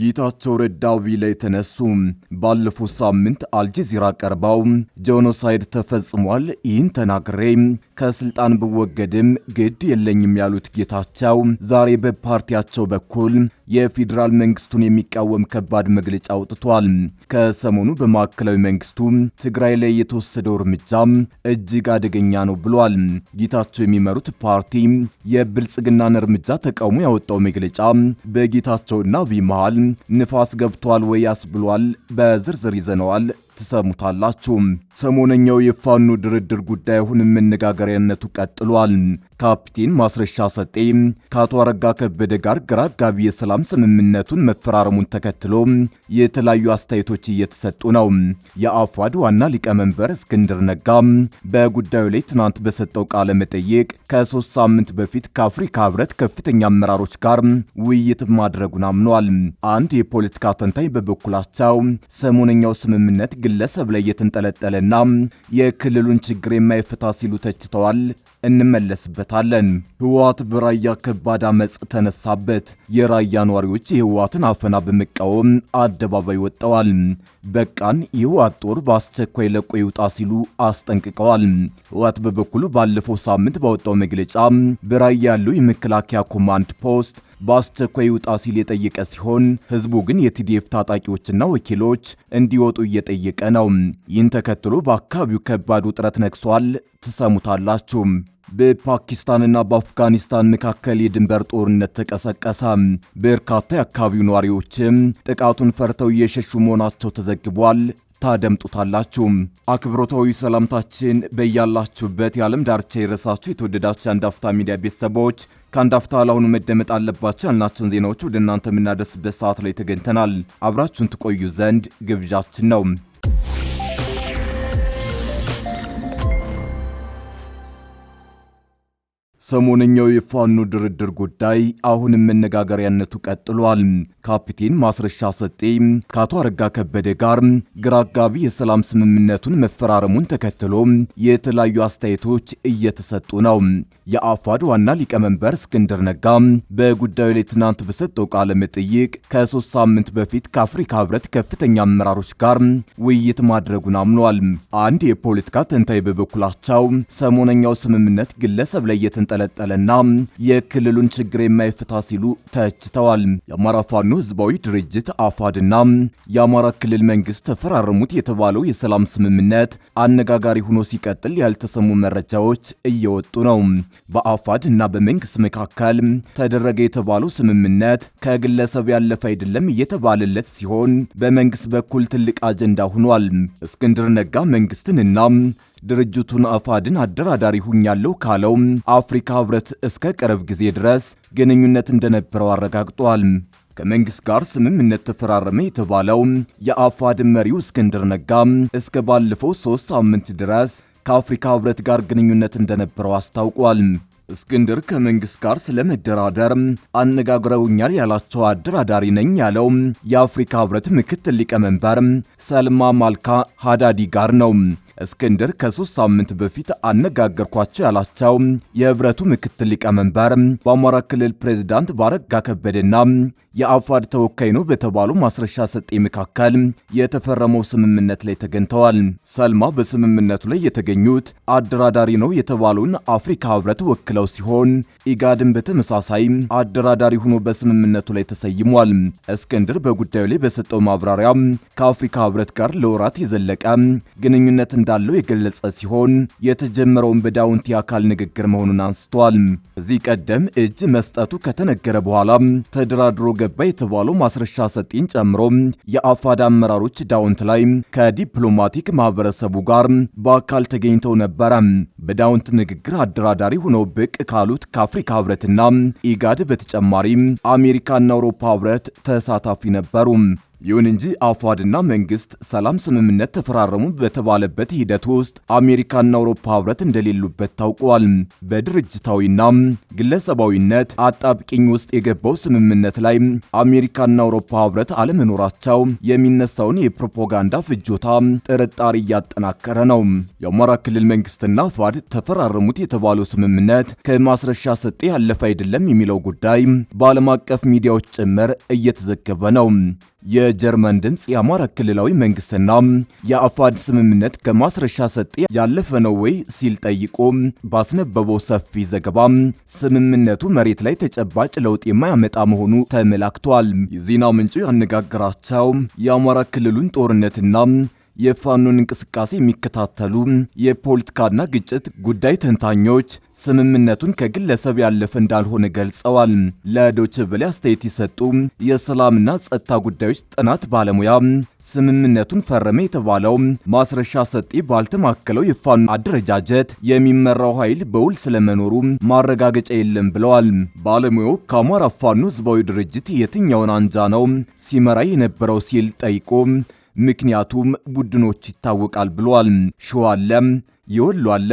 ጌታቸው ረዳዊ ላይ ተነሱ። ባለፈው ሳምንት አልጀዚራ ቀርበው ጄኖሳይድ ተፈጽሟል፣ ይህን ተናግሬ ከስልጣን ብወገድም ግድ የለኝም ያሉት ጌታቸው ዛሬ በፓርቲያቸው በኩል የፌዴራል መንግስቱን የሚቃወም ከባድ መግለጫ አውጥቷል። ከሰሞኑ በማዕከላዊ መንግስቱ ትግራይ ላይ የተወሰደው እርምጃም እጅግ አደገኛ ነው ብሏል። ጌታቸው የሚመሩት ፓርቲ የብልጽግናን እርምጃ ተቃውሞ ያወጣው መግለጫ በጌታቸውና አብይ መሃል ንፋስ ገብቷል ወይ ያስብሏል። በዝርዝር ይዘነዋል፣ ትሰሙታላችሁ። ሰሞነኛው የፋኖ ድርድር ጉዳይ አሁንም መነጋገሪያነቱ ቀጥሏል። ካፕቴን ማስረሻ ሰጤ ከአቶ አረጋ ከበደ ጋር ግራ አጋቢ የሰላም ስምምነቱን መፈራረሙን ተከትሎ የተለያዩ አስተያየቶች እየተሰጡ ነው። የአፋድ ዋና ሊቀመንበር እስክንድር ነጋ በጉዳዩ ላይ ትናንት በሰጠው ቃለ መጠይቅ ከሶስት ሳምንት በፊት ከአፍሪካ ህብረት ከፍተኛ አመራሮች ጋር ውይይት ማድረጉን አምኗል። አንድ የፖለቲካ ተንታኝ በበኩላቸው ሰሞነኛው ስምምነት ግለሰብ ላይ የተንጠለጠለ የክልሉን ችግር የማይፈታ ሲሉ ተችተዋል። እንመለስበታለን። ህወሓት በራያ ከባድ አመፅ ተነሳበት። የራያ ነዋሪዎች የህወሓትን አፈና በመቃወም አደባባይ ወጥተዋል። በቃን የህወሓት ጦር በአስቸኳይ ለቆ ይውጣ ሲሉ አስጠንቅቀዋል። ህወሓት በበኩሉ ባለፈው ሳምንት ባወጣው መግለጫ በራያ ያለው የመከላከያ ኮማንድ ፖስት በአስቸኳይ ውጣ ሲል የጠየቀ ሲሆን ህዝቡ ግን የቲዲኤፍ ታጣቂዎችና ወኪሎች እንዲወጡ እየጠየቀ ነው። ይህን ተከትሎ በአካባቢው ከባድ ውጥረት ነግሷል። ትሰሙታላችሁ። በፓኪስታንና በአፍጋኒስታን መካከል የድንበር ጦርነት ተቀሰቀሰ። በርካታ የአካባቢው ነዋሪዎችም ጥቃቱን ፈርተው እየሸሹ መሆናቸው ተዘግቧል። ታደምጡታላችሁ። አክብሮታዊ ሰላምታችን በያላችሁበት የዓለም ዳርቻ የረሳችሁ የተወደዳችሁ የአንዳፍታ ሚዲያ ቤተሰቦች ከአንዳፍታ ላሁኑ ለአሁኑ መደመጥ አለባቸው ያልናቸውን ዜናዎች ወደ እናንተ የምናደርስበት ሰዓት ላይ ተገኝተናል። አብራችሁን ትቆዩ ዘንድ ግብዣችን ነው። ሰሞነኛው የፋኖ ድርድር ጉዳይ አሁንም መነጋገሪያነቱ ቀጥሏል። ካፒቴን ማስረሻ ሰጤ ከአቶ አረጋ ከበደ ጋር ግራ አጋቢ የሰላም ስምምነቱን መፈራረሙን ተከትሎ የተለያዩ አስተያየቶች እየተሰጡ ነው። የአፋድ ዋና ሊቀመንበር እስክንድር ነጋ በጉዳዩ ላይ ትናንት በሰጠው ቃለ መጠይቅ ከሶስት ሳምንት በፊት ከአፍሪካ ህብረት ከፍተኛ አመራሮች ጋር ውይይት ማድረጉን አምኗል። አንድ የፖለቲካ ተንታይ በበኩላቸው ሰሞነኛው ስምምነት ግለሰብ ላይ የተንጠ ያንጠለጠለና የክልሉን ችግር የማይፈታ ሲሉ ተችተዋል። የአማራ ፋኖ ህዝባዊ ድርጅት አፋድና የአማራ ክልል መንግስት ተፈራረሙት የተባለው የሰላም ስምምነት አነጋጋሪ ሆኖ ሲቀጥል ያልተሰሙ መረጃዎች እየወጡ ነው። በአፋድ እና በመንግስት መካከል ተደረገ የተባለው ስምምነት ከግለሰብ ያለፈ አይደለም እየተባለለት ሲሆን በመንግስት በኩል ትልቅ አጀንዳ ሆኗል። እስክንድር ነጋ መንግስትንና ድርጅቱን አፋድን አደራዳሪ ሁኛለሁ ካለው አፍሪካ ህብረት እስከ ቅርብ ጊዜ ድረስ ግንኙነት እንደነበረው አረጋግጧል። ከመንግስት ጋር ስምምነት ተፈራረመ የተባለው የአፋድ መሪው እስክንድር ነጋ እስከ ባለፈው ሶስት ሳምንት ድረስ ከአፍሪካ ህብረት ጋር ግንኙነት እንደነበረው አስታውቋል። እስክንድር ከመንግስት ጋር ስለመደራደር አነጋግረውኛል ያላቸው አደራዳሪ ነኝ ያለው የአፍሪካ ህብረት ምክትል ሊቀመንበር ሰልማ ማልካ ሃዳዲ ጋር ነው። እስክንድር ከሶስት ሳምንት በፊት አነጋገርኳቸው ያላቸው የህብረቱ ምክትል ሊቀመንበር በአማራ ክልል ፕሬዚዳንት ባረጋ ከበደና የአፋድ ተወካይ ነው በተባሉ ማስረሻ ሰጤ መካከል የተፈረመው ስምምነት ላይ ተገኝተዋል። ሰልማ በስምምነቱ ላይ የተገኙት አደራዳሪ ነው የተባለውን አፍሪካ ህብረት ወክለው ሲሆን ኢጋድን በተመሳሳይ አደራዳሪ ሆኖ በስምምነቱ ላይ ተሰይሟል። እስክንድር በጉዳዩ ላይ በሰጠው ማብራሪያ ከአፍሪካ ህብረት ጋር ለወራት የዘለቀ ግንኙነት ። እንዳለው የገለጸ ሲሆን የተጀመረውን በዳውንቲ አካል ንግግር መሆኑን አንስቷል። ከዚህ ቀደም እጅ መስጠቱ ከተነገረ በኋላ ተደራድሮ ገባ የተባለው ማስረሻ ሰጢን ጨምሮ የአፋድ አመራሮች ዳውንት ላይ ከዲፕሎማቲክ ማህበረሰቡ ጋር በአካል ተገኝተው ነበረ። በዳውንት ንግግር አደራዳሪ ሆነው ብቅ ካሉት ከአፍሪካ ህብረትና ኢጋድ በተጨማሪ አሜሪካና አውሮፓ ህብረት ተሳታፊ ነበሩ። ይሁን እንጂ አፋድና መንግስት ሰላም ስምምነት ተፈራረሙ በተባለበት ሂደት ውስጥ አሜሪካና አውሮፓ ህብረት እንደሌሉበት ታውቋል። በድርጅታዊና ግለሰባዊነት አጣብቂኝ ውስጥ የገባው ስምምነት ላይ አሜሪካና አውሮፓ ህብረት አለመኖራቸው የሚነሳውን የፕሮፓጋንዳ ፍጆታ ጥርጣሬ እያጠናከረ ነው። የአማራ ክልል መንግስትና አፋድ ተፈራረሙት የተባለው ስምምነት ከማስረሻ ሰጤ ያለፈ አይደለም የሚለው ጉዳይ በዓለም አቀፍ ሚዲያዎች ጭምር እየተዘገበ ነው። የጀርመን ድምፅ የአማራ ክልላዊ መንግስትና የአፋድ ስምምነት ከማስረሻ ሰጤ ያለፈ ነው ወይ ሲል ጠይቆ ባስነበበው ሰፊ ዘገባ ስምምነቱ መሬት ላይ ተጨባጭ ለውጥ የማያመጣ መሆኑ ተመላክቷል። የዜና ምንጩ ያነጋግራቸው የአማራ ክልሉን ጦርነትና የፋኖን እንቅስቃሴ የሚከታተሉ የፖለቲካና ግጭት ጉዳይ ተንታኞች ስምምነቱን ከግለሰብ ያለፈ እንዳልሆነ ገልጸዋል። ለዶችቨሌ አስተያየት የሰጡ የሰላምና ጸጥታ ጉዳዮች ጥናት ባለሙያ ስምምነቱን ፈረመ የተባለው ማስረሻ ሰጤ ባልተማከለው የፋኖ አደረጃጀት የሚመራው ኃይል በውል ስለመኖሩ ማረጋገጫ የለም ብለዋል። ባለሙያው ከአማራ ፋኖ ህዝባዊ ድርጅት የትኛውን አንጃ ነው ሲመራ የነበረው ሲል ጠይቆ ምክንያቱም ቡድኖች ይታወቃል ብሏል። ሸዋ አለ፣ የወሎ አለ፣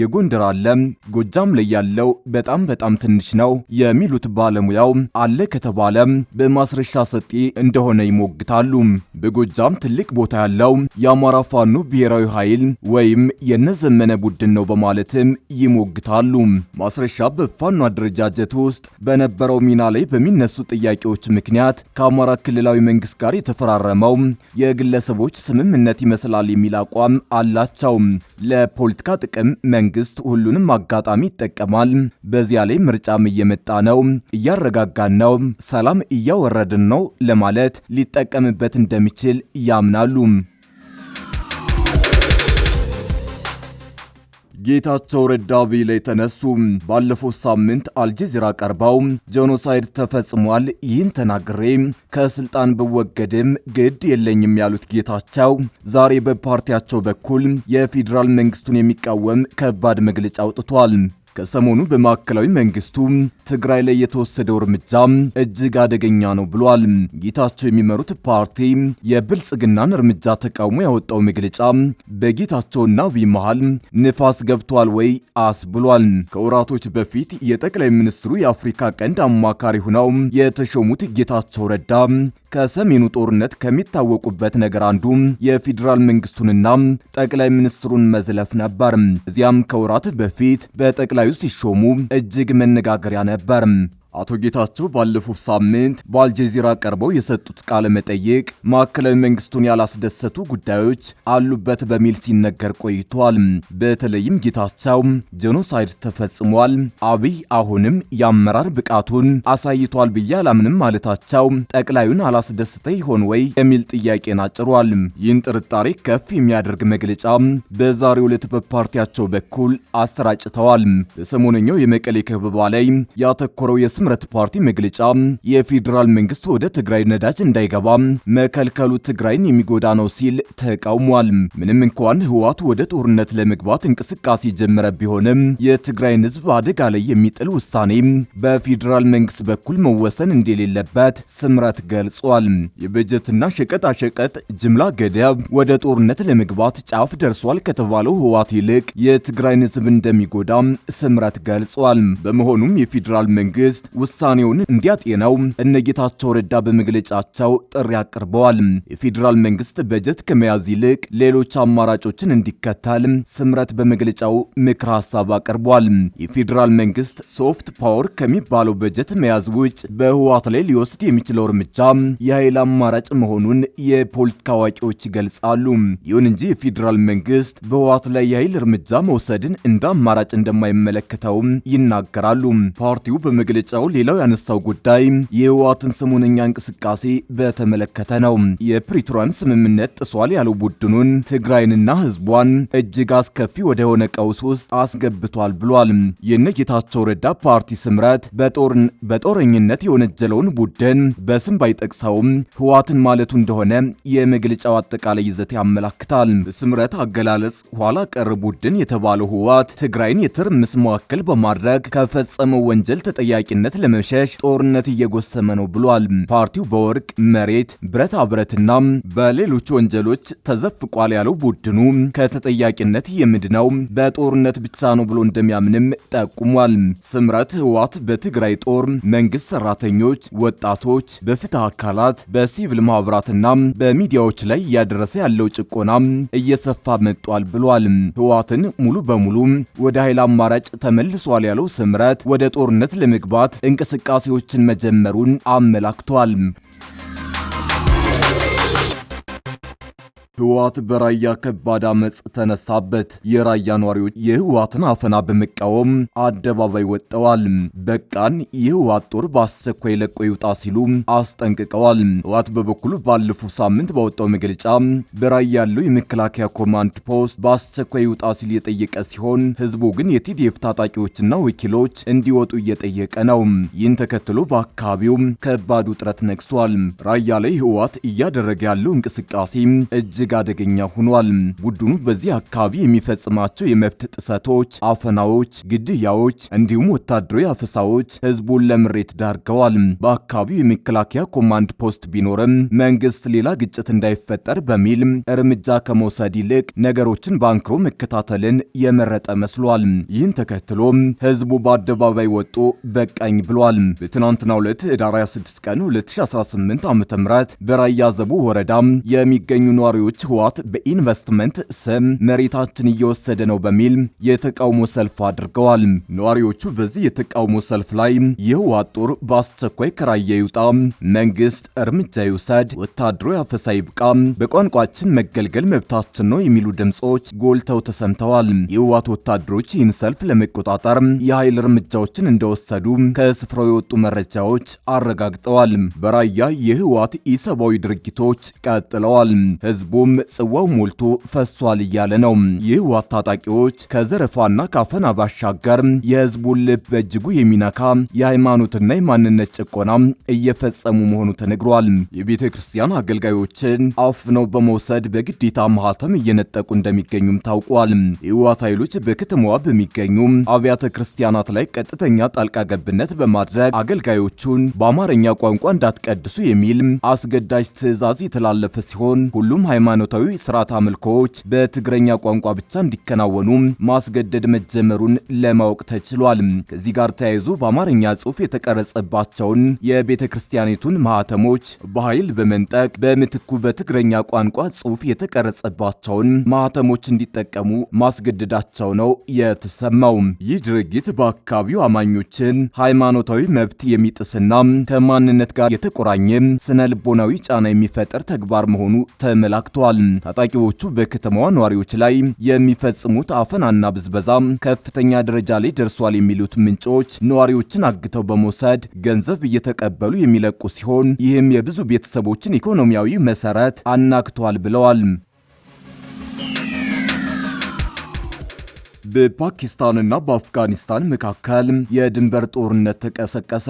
የጎንደር አለ፣ ጎጃም ላይ ያለው በጣም በጣም ትንሽ ነው የሚሉት ባለሙያው አለ ከተባለ በማስረሻ ሰጤ እንደሆነ ይሞግታሉ። በጎጃም ትልቅ ቦታ ያለው የአማራ ፋኖ ብሔራዊ ኃይል ወይም የነዘመነ ቡድን ነው በማለትም ይሞግታሉ። ማስረሻ በፋኖ አደረጃጀት ውስጥ በነበረው ሚና ላይ በሚነሱ ጥያቄዎች ምክንያት ከአማራ ክልላዊ መንግስት ጋር የተፈራረመው የግለሰቦች ስምምነት ይመስላል የሚል አቋም አላቸው። ለፖለቲካ ጥቅም መንግስት መንግስት ሁሉንም አጋጣሚ ይጠቀማል። በዚያ ላይ ምርጫም እየመጣ ነው፣ እያረጋጋን ነው፣ ሰላም እያወረድን ነው ለማለት ሊጠቀምበት እንደሚችል ያምናሉ። ጌታቸው ረዳ ላይ የተነሱ ባለፈው ሳምንት አልጀዚራ ቀርበው ጄኖሳይድ ተፈጽሟል፣ ይህን ተናግሬ ከስልጣን ብወገድም ግድ የለኝም ያሉት ጌታቸው ዛሬ በፓርቲያቸው በኩል የፌዴራል መንግስቱን የሚቃወም ከባድ መግለጫ አውጥቷል። ከሰሞኑ በማዕከላዊ መንግስቱ ትግራይ ላይ የተወሰደው እርምጃ እጅግ አደገኛ ነው ብሏል። ጌታቸው የሚመሩት ፓርቲ የብልጽግናን እርምጃ ተቃውሞ ያወጣው መግለጫ በጌታቸውና አብይ መሃል ንፋስ ገብቷል ወይ አስ ብሏል። ከወራቶች በፊት የጠቅላይ ሚኒስትሩ የአፍሪካ ቀንድ አማካሪ ሆነው የተሾሙት ጌታቸው ረዳ ከሰሜኑ ጦርነት ከሚታወቁበት ነገር አንዱ የፌዴራል መንግስቱንና ጠቅላይ ሚኒስትሩን መዝለፍ ነበር። እዚያም ከወራት በፊት በጠቅላይ ሲሾሙ እጅግ መነጋገሪያ ነበር። አቶ ጌታቸው ባለፉት ሳምንት በአልጀዚራ ቀርበው የሰጡት ቃለ መጠይቅ ማዕከላዊ መንግስቱን ያላስደሰቱ ጉዳዮች አሉበት በሚል ሲነገር ቆይቷል። በተለይም ጌታቸው ጄኖሳይድ ተፈጽሟል፣ አብይ አሁንም የአመራር ብቃቱን አሳይቷል ብዬ አላምንም ማለታቸው ጠቅላዩን አላስደስተ ይሆን ወይ የሚል ጥያቄን አጭሯል። ይህን ጥርጣሬ ከፍ የሚያደርግ መግለጫ በዛሬው ዕለት በፓርቲያቸው በኩል አሰራጭተዋል። በሰሞነኛው የመቀሌ ከበባ ላይ ያተኮረው ስምረት ፓርቲ መግለጫ የፌዴራል መንግስት ወደ ትግራይ ነዳጅ እንዳይገባ መከልከሉ ትግራይን የሚጎዳ ነው ሲል ተቃውሟል። ምንም እንኳን ህወሓት ወደ ጦርነት ለመግባት እንቅስቃሴ ጀመረ ቢሆንም የትግራይን ህዝብ አደጋ ላይ የሚጥል ውሳኔ በፌዴራል መንግስት በኩል መወሰን እንደሌለበት ስምረት ገልጿል። የበጀትና ሸቀጣሸቀጥ ጅምላ ገደብ ወደ ጦርነት ለመግባት ጫፍ ደርሷል ከተባለው ህወሓት ይልቅ የትግራይን ህዝብ እንደሚጎዳ ስምረት ገልጿል። በመሆኑም የፌዴራል መንግስት ውሳኔውን እንዲያጤነው እነጌታቸው ረዳ በመግለጫቸው ጥሪ አቅርበዋል። የፌዴራል መንግስት በጀት ከመያዝ ይልቅ ሌሎች አማራጮችን እንዲከተል ስምረት በመግለጫው ምክር ሀሳብ አቅርቧል። የፌዴራል መንግስት ሶፍት ፓወር ከሚባለው በጀት መያዝ ውጭ በህዋት ላይ ሊወስድ የሚችለው እርምጃ የኃይል አማራጭ መሆኑን የፖለቲካ አዋቂዎች ይገልጻሉ። ይሁን እንጂ የፌዴራል መንግስት በህዋት ላይ የኃይል እርምጃ መውሰድን እንደ አማራጭ እንደማይመለከተውም ይናገራሉ። ፓርቲው በመግለጫ የተገለጸው ሌላው ያነሳው ጉዳይ የህወሓትን ሰሞነኛ እንቅስቃሴ በተመለከተ ነው። የፕሪቶሪያን ስምምነት ጥሷል ያለው ቡድኑን ትግራይንና ህዝቧን እጅግ አስከፊ ወደሆነ ቀውስ ውስጥ አስገብቷል ብሏል። የነ ጌታቸው ረዳ ፓርቲ ስምረት በጦረኝነት የወነጀለውን ቡድን በስም ባይጠቅሰውም ህወሓትን ማለቱ እንደሆነ የመግለጫው አጠቃላይ ይዘት ያመላክታል። ስምረት አገላለጽ ኋላ ቀር ቡድን የተባለው ህወሓት ትግራይን የትርምስ መካከል በማድረግ ከፈጸመው ወንጀል ተጠያቂነት ከኃላፊነት ለመሸሽ ጦርነት እየጎሰመ ነው ብሏል። ፓርቲው በወርቅ መሬት፣ ብረታ ብረትና በሌሎች ወንጀሎች ተዘፍቋል ያለው ቡድኑ ከተጠያቂነት የምድነው በጦርነት ብቻ ነው ብሎ እንደሚያምንም ጠቁሟል። ስምረት ህዋት በትግራይ ጦር፣ መንግስት ሰራተኞች፣ ወጣቶች፣ በፍትህ አካላት፣ በሲቪል ማህበራትና በሚዲያዎች ላይ እያደረሰ ያለው ጭቆና እየሰፋ መጥቷል ብሏል። ህዋትን ሙሉ በሙሉ ወደ ኃይል አማራጭ ተመልሷል ያለው ስምረት ወደ ጦርነት ለመግባት እንቅስቃሴዎችን መጀመሩን አመላክቷል። ህወሓት በራያ ከባድ አመፅ ተነሳበት። የራያ ነዋሪዎች የህወሓትን አፈና በመቃወም አደባባይ ወጥተዋል። በቃን፣ የህወሓት ጦር በአስቸኳይ ለቆ ይውጣ ሲሉ አስጠንቅቀዋል። ህወሓት በበኩሉ ባለፈው ሳምንት ባወጣው መግለጫ በራያ ያለው የመከላከያ ኮማንድ ፖስት በአስቸኳይ ይውጣ ሲል የጠየቀ ሲሆን ህዝቡ ግን የቲዲኤፍ ታጣቂዎችና ወኪሎች እንዲወጡ እየጠየቀ ነው። ይህን ተከትሎ በአካባቢውም ከባድ ውጥረት ነግሷል። ራያ ላይ ህወሓት እያደረገ ያለው እንቅስቃሴ እጅግ እጅግ አደገኛ ሆኗል። ቡድኑ በዚህ አካባቢ የሚፈጽማቸው የመብት ጥሰቶች፣ አፈናዎች፣ ግድያዎች እንዲሁም ወታደራዊ አፈሳዎች ህዝቡን ለምሬት ዳርገዋል። በአካባቢው የመከላከያ ኮማንድ ፖስት ቢኖርም መንግስት ሌላ ግጭት እንዳይፈጠር በሚል እርምጃ ከመውሰድ ይልቅ ነገሮችን በአንክሮ መከታተልን የመረጠ መስሏል። ይህን ተከትሎም ህዝቡ በአደባባይ ወጦ በቃኝ ብሏል። በትናንትናው ዕለት ህዳር 26 ቀን 2018 ዓ.ም በራያ ዘቡ ወረዳ የሚገኙ ነዋሪዎች ይህች ህዋት በኢንቨስትመንት ስም መሬታችን እየወሰደ ነው በሚል የተቃውሞ ሰልፍ አድርገዋል። ነዋሪዎቹ በዚህ የተቃውሞ ሰልፍ ላይ የህዋት ጦር በአስቸኳይ ከራያ ይውጣ፣ መንግስት እርምጃ ይውሰድ፣ ወታደሩ ያፈሳ ይብቃ፣ በቋንቋችን መገልገል መብታችን ነው የሚሉ ድምፆች ጎልተው ተሰምተዋል። የህዋት ወታደሮች ይህን ሰልፍ ለመቆጣጠር የኃይል እርምጃዎችን እንደወሰዱ ከስፍራው የወጡ መረጃዎች አረጋግጠዋል። በራያ የህዋት ኢሰብአዊ ድርጊቶች ቀጥለዋል። ህዝቡ ሁሉም ጽዋው ሞልቶ ፈሷል እያለ ነው። የህወሓት ታጣቂዎች ከዘረፋና ካፈና ባሻገር የህዝቡን ልብ በእጅጉ የሚነካ የሃይማኖትና የማንነት ጭቆና እየፈጸሙ መሆኑ ተነግሯል። የቤተ ክርስቲያን አገልጋዮችን አፍነው በመውሰድ በግዴታ ማህተም እየነጠቁ እንደሚገኙም ታውቋል። የህወሓት ኃይሎች በከተማዋ በሚገኙ አብያተ ክርስቲያናት ላይ ቀጥተኛ ጣልቃ ገብነት በማድረግ አገልጋዮቹን በአማርኛ ቋንቋ እንዳትቀድሱ የሚል አስገዳጅ ትዕዛዝ የተላለፈ ሲሆን ሁሉም ሃይማኖት ሃይማኖታዊ ስርዓት አምልኮዎች በትግረኛ ቋንቋ ብቻ እንዲከናወኑ ማስገደድ መጀመሩን ለማወቅ ተችሏል። ከዚህ ጋር ተያይዞ በአማርኛ ጽሑፍ የተቀረጸባቸውን የቤተ ክርስቲያኒቱን ማህተሞች በኃይል በመንጠቅ በምትኩ በትግረኛ ቋንቋ ጽሑፍ የተቀረጸባቸውን ማህተሞች እንዲጠቀሙ ማስገደዳቸው ነው የተሰማው። ይህ ድርጊት በአካባቢው አማኞችን ሃይማኖታዊ መብት የሚጥስና ከማንነት ጋር የተቆራኘ ስነ ልቦናዊ ጫና የሚፈጥር ተግባር መሆኑ ተመላክቷል። ተከስቷል። ታጣቂዎቹ በከተማዋ ነዋሪዎች ላይ የሚፈጽሙት አፈናና ብዝበዛ ከፍተኛ ደረጃ ላይ ደርሷል የሚሉት ምንጮች ነዋሪዎችን አግተው በመውሰድ ገንዘብ እየተቀበሉ የሚለቁ ሲሆን ይህም የብዙ ቤተሰቦችን ኢኮኖሚያዊ መሰረት አናግቷል ብለዋል። በፓኪስታንና በአፍጋኒስታን መካከል የድንበር ጦርነት ተቀሰቀሰ።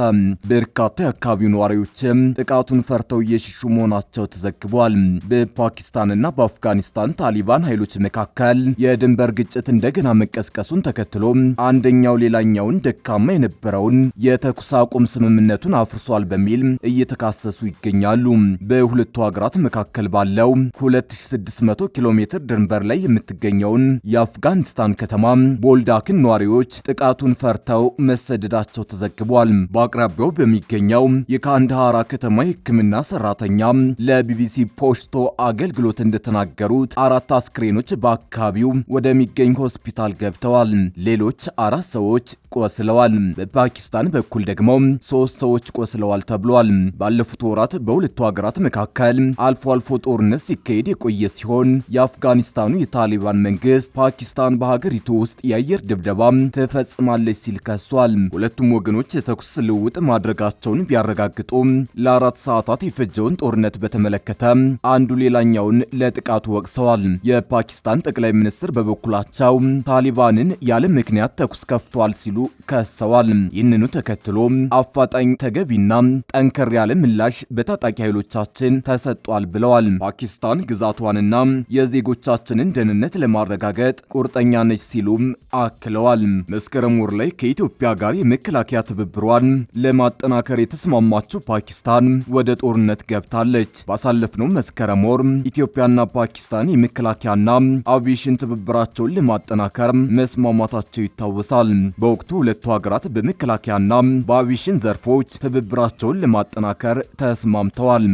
በርካታ የአካባቢው ነዋሪዎችም ጥቃቱን ፈርተው እየሸሹ መሆናቸው ተዘግቧል። በፓኪስታንና በአፍጋኒስታን ታሊባን ኃይሎች መካከል የድንበር ግጭት እንደገና መቀስቀሱን ተከትሎ አንደኛው ሌላኛውን ደካማ የነበረውን የተኩስ አቁም ስምምነቱን አፍርሷል በሚል እየተካሰሱ ይገኛሉ። በሁለቱ ሀገራት መካከል ባለው 2600 ኪሎ ሜትር ድንበር ላይ የምትገኘውን የአፍጋኒስታን ከተማ ቦልዳክን ነዋሪዎች ጥቃቱን ፈርተው መሰደዳቸው ተዘግቧል። በአቅራቢያው በሚገኘው የካንዳሃራ ከተማ የሕክምና ሰራተኛ ለቢቢሲ ፖስቶ አገልግሎት እንደተናገሩት አራት አስክሬኖች በአካባቢው ወደሚገኝ ሆስፒታል ገብተዋል። ሌሎች አራት ሰዎች ቆስለዋል። በፓኪስታን በኩል ደግሞ ሶስት ሰዎች ቆስለዋል ተብሏል። ባለፉት ወራት በሁለቱ ሀገራት መካከል አልፎ አልፎ ጦርነት ሲካሄድ የቆየ ሲሆን የአፍጋኒስታኑ የታሊባን መንግስት ፓኪስታን በሀገሪቱ ውስጥ የአየር ድብደባ ትፈጽማለች ሲል ከሷል። ሁለቱም ወገኖች የተኩስ ልውውጥ ማድረጋቸውን ቢያረጋግጡ ለአራት ሰዓታት የፈጀውን ጦርነት በተመለከተ አንዱ ሌላኛውን ለጥቃቱ ወቅሰዋል። የፓኪስታን ጠቅላይ ሚኒስትር በበኩላቸው ታሊባንን ያለ ምክንያት ተኩስ ከፍቷል ሲሉ ከሰዋል። ይህንኑ ተከትሎ አፋጣኝ ተገቢና ጠንከር ያለ ምላሽ በታጣቂ ኃይሎቻችን ተሰጧል ብለዋል። ፓኪስታን ግዛቷንና የዜጎቻችንን ደህንነት ለማረጋገጥ ቁርጠኛ ነች ሲል ሲሉም አክለዋል። መስከረም ወር ላይ ከኢትዮጵያ ጋር የመከላከያ ትብብሯን ለማጠናከር የተስማማችው ፓኪስታን ወደ ጦርነት ገብታለች። ባሳለፍነው መስከረም ወር ኢትዮጵያና ፓኪስታን የመከላከያና አቪሽን ትብብራቸውን ለማጠናከር መስማማታቸው ይታወሳል። በወቅቱ ሁለቱ ሀገራት በመከላከያና በአቪሽን ዘርፎች ትብብራቸውን ለማጠናከር ተስማምተዋል።